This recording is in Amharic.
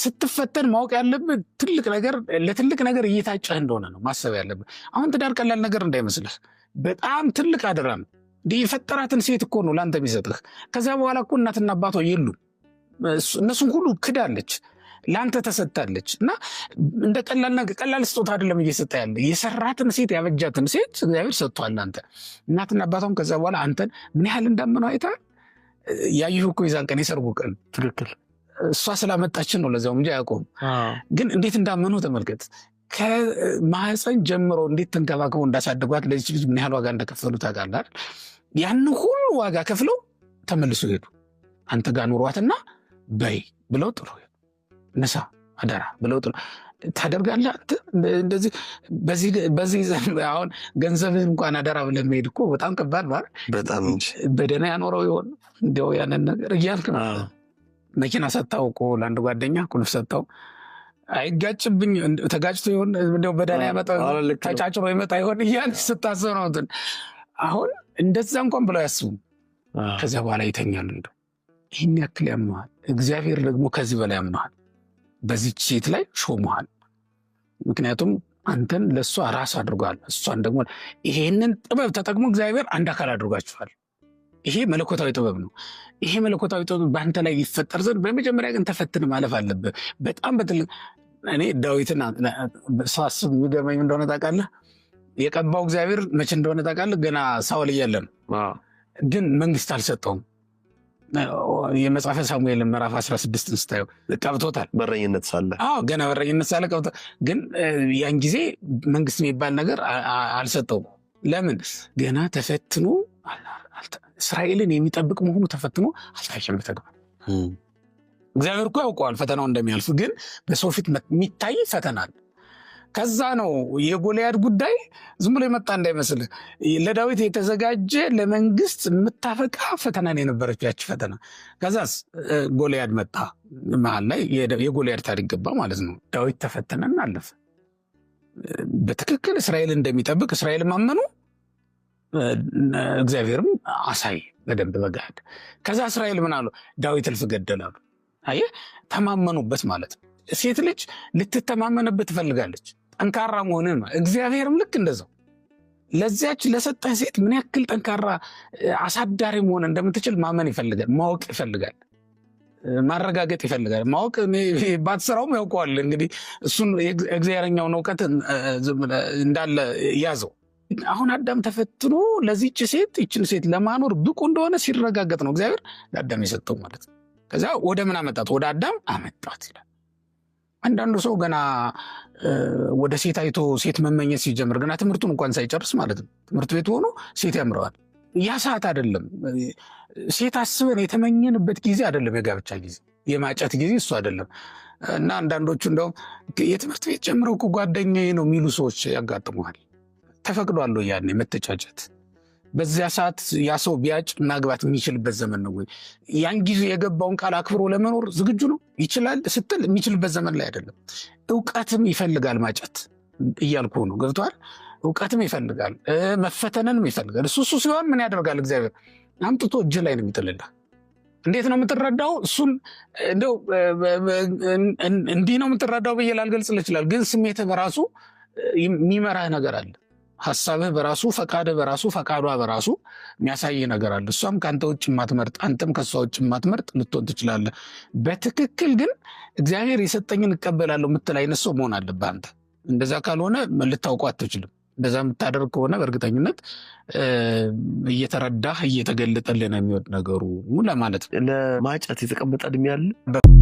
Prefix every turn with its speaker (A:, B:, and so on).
A: ስትፈተን ማወቅ ያለብህ ትልቅ ነገር ለትልቅ ነገር እየታጨህ እንደሆነ ነው ማሰብ ያለብህ። አሁን ትዳር ቀላል ነገር እንዳይመስልህ፣ በጣም ትልቅ አደራ ነው። እንዲህ የፈጠራትን ሴት እኮ ነው ለአንተ የሚሰጥህ። ከዚያ በኋላ እኮ እናትና አባቷ የሉም፣ እነሱን ሁሉ ክዳለች፣ ለአንተ ተሰጥታለች። እና እንደ ቀላል ነገር ቀላል ስጦታ አይደለም እየሰጠ ያለ የሰራትን ሴት ያበጃትን ሴት እግዚአብሔር ሰጥቷል ለአንተ። እናትና አባቷም ከዚያ በኋላ አንተን ምን ያህል እንዳምነው አይታል ያየሁ እኮ የዛን ቀን የሰርጉ ቀን ትክክል እሷ ስላመጣችን ነው ለዚያውም እንጂ አያውቁም። ግን እንዴት እንዳመኑ ተመልከት። ከማህፀን ጀምሮ እንዴት ተንከባክበው እንዳሳደጓት ለዚች ልጅ ምን ያህል ዋጋ እንደከፈሉ ታውቃለህ። ያን ሁሉ ዋጋ ከፍለው ተመልሶ ሄዱ። አንተ ጋር ኑሯትና በይ ብለው ጥሩ ነሳ አደራ ብለው ጥሩ ታደርጋለህ። እንደዚህ በዚህ አሁን ገንዘብህ እንኳን አደራ ብለህ መሄድ እኮ በጣም ከባድ በደህና ያኖረው ይሆን እንዲያው ያንን ነገር እያልክ ነው መኪና ሰጥታው እኮ ለአንድ ጓደኛ ቁልፍ ሰጥታው አይጋጭብኝ ተጋጭቶ ይሆን እንደው በደህና ያመጣው ተጫጭሮ ይመጣ ይሆን እያል ስታሰብ ነው እንትን አሁን እንደዛ እንኳን ብለው ያስቡ ከዚያ በኋላ ይተኛል። እንደው ይህን ያክል ያመሃል፣ እግዚአብሔር ደግሞ ከዚህ በላይ ያመሃል። በዚች ሴት ላይ ሾመሃል። ምክንያቱም አንተን ለእሷ ራስ አድርጓል፣ እሷን ደግሞ ይሄንን ጥበብ ተጠቅሞ እግዚአብሔር አንድ አካል አድርጓችኋል። ይሄ መለኮታዊ ጥበብ ነው። ይሄ መለኮታዊ ጥበብ በአንተ ላይ ይፈጠር ዘንድ በመጀመሪያ ግን ተፈትን ማለፍ አለብህ። በጣም በትልቅ እኔ ዳዊትን ሳስብ የሚገመኝ እንደሆነ ታውቃለህ፣ የቀባው እግዚአብሔር መቼ እንደሆነ ታውቃለህ፣ ገና ሳውል እያለ ነው። ግን መንግስት አልሰጠውም። የመጽሐፈ ሳሙኤል ምዕራፍ 16 ስታየው
B: ቀብቶታል። በረኝነት ሳለ
A: ገና በረኝነት ሳለ ቀብቶ ግን ያን ጊዜ መንግስት የሚባል ነገር አልሰጠውም። ለምን ገና ተፈትኖ እስራኤልን የሚጠብቅ መሆኑ ተፈትኖ አልታየም በተግባር። እግዚአብሔር እኮ ያውቀዋል ፈተናው እንደሚያልፍ፣ ግን በሰው ፊት የሚታይ ፈተናል። ከዛ ነው የጎልያድ ጉዳይ ዝም ብሎ የመጣ እንዳይመስል ለዳዊት የተዘጋጀ ለመንግስት የምታፈቃ ነው የነበረችው ያች ፈተና። ከዛስ ጎልያድ መጣ፣ መሀል ላይ የጎልያድ ታሪክ ገባ ማለት ነው። ዳዊት ተፈተነና አለፈ። በትክክል እስራኤል እንደሚጠብቅ እስራኤል ማመኑ እግዚአብሔርም አሳይ በደንብ በጋድ ከዛ እስራኤል ምን አሉ? ዳዊት እልፍ ገደላሉ አየ ተማመኑበት ማለት ነው። ሴት ልጅ ልትተማመንበት ትፈልጋለች፣ ጠንካራ መሆንን። እግዚአብሔርም ልክ እንደዛው ለዚያች ለሰጠህ ሴት ምን ያክል ጠንካራ አሳዳሪ መሆን እንደምትችል ማመን ይፈልጋል፣ ማወቅ ይፈልጋል፣ ማረጋገጥ ይፈልጋል። ማወቅ ባትሰራውም ያውቀዋል። እንግዲህ እሱን የእግዚአብሔርኛውን እውቀት እንዳለ ያዘው አሁን አዳም ተፈትኖ ለዚች ሴት ይችን ሴት ለማኖር ብቁ እንደሆነ ሲረጋገጥ ነው እግዚአብሔር ለአዳም የሰጠው ማለት ነው። ከዛ ወደ ምን አመጣት? ወደ አዳም አመጣት ይላል። አንዳንዱ ሰው ገና ወደ ሴት አይቶ ሴት መመኘት ሲጀምር ገና ትምህርቱን እንኳን ሳይጨርስ ማለት ነው ትምህርት ቤት ሆኖ ሴት ያምረዋል። ያ ሰዓት አይደለም። ሴት አስበን የተመኘንበት ጊዜ አይደለም። የጋብቻ ጊዜ፣ የማጨት ጊዜ እሱ አይደለም። እና አንዳንዶቹ እንደውም የትምህርት ቤት ጀምረው ጓደኛዬ ነው የሚሉ ሰዎች ያጋጥመዋል። ተፈቅዷል ወይ ያኔ መተጫጨት? በዚያ ሰዓት ያ ሰው ቢያጭ ማግባት የሚችልበት ዘመን ነው ወይ? ያን ጊዜ የገባውን ቃል አክብሮ ለመኖር ዝግጁ ነው ይችላል ስትል የሚችልበት ዘመን ላይ አይደለም። እውቀትም ይፈልጋል ማጨት እያልኩ ነው። ገብቶሃል? እውቀትም ይፈልጋል፣ መፈተንንም ይፈልጋል። እሱ እሱ ሲሆን ምን ያደርጋል? እግዚአብሔር አምጥቶ እጅ ላይ ነው የሚጥልልህ። እንዴት ነው የምትረዳው? እሱን እንደው እንዲህ ነው የምትረዳው ብዬ ላልገልጽ እችላለሁ፣ ግን ስሜት በራሱ የሚመራህ ነገር አለ። ሀሳብህ በራሱ ፈቃድህ በራሱ ፈቃዷ በራሱ የሚያሳይ ነገር አለ። እሷም ከአንተ ውጭ የማትመርጥ አንተም ከእሷ ውጭ የማትመርጥ ልትሆን ትችላለህ። በትክክል ግን እግዚአብሔር የሰጠኝን እቀበላለሁ የምትል አይነት ሰው መሆን አለብህ አንተ። እንደዛ ካልሆነ ልታውቁ አትችልም። እንደዛ የምታደርግ ከሆነ በእርግጠኝነት እየተረዳህ እየተገለጠልህ ነው የሚወድ ነገሩ ለማለት
B: ነው። ለማጨት የተቀመጠ እድሜ ያለ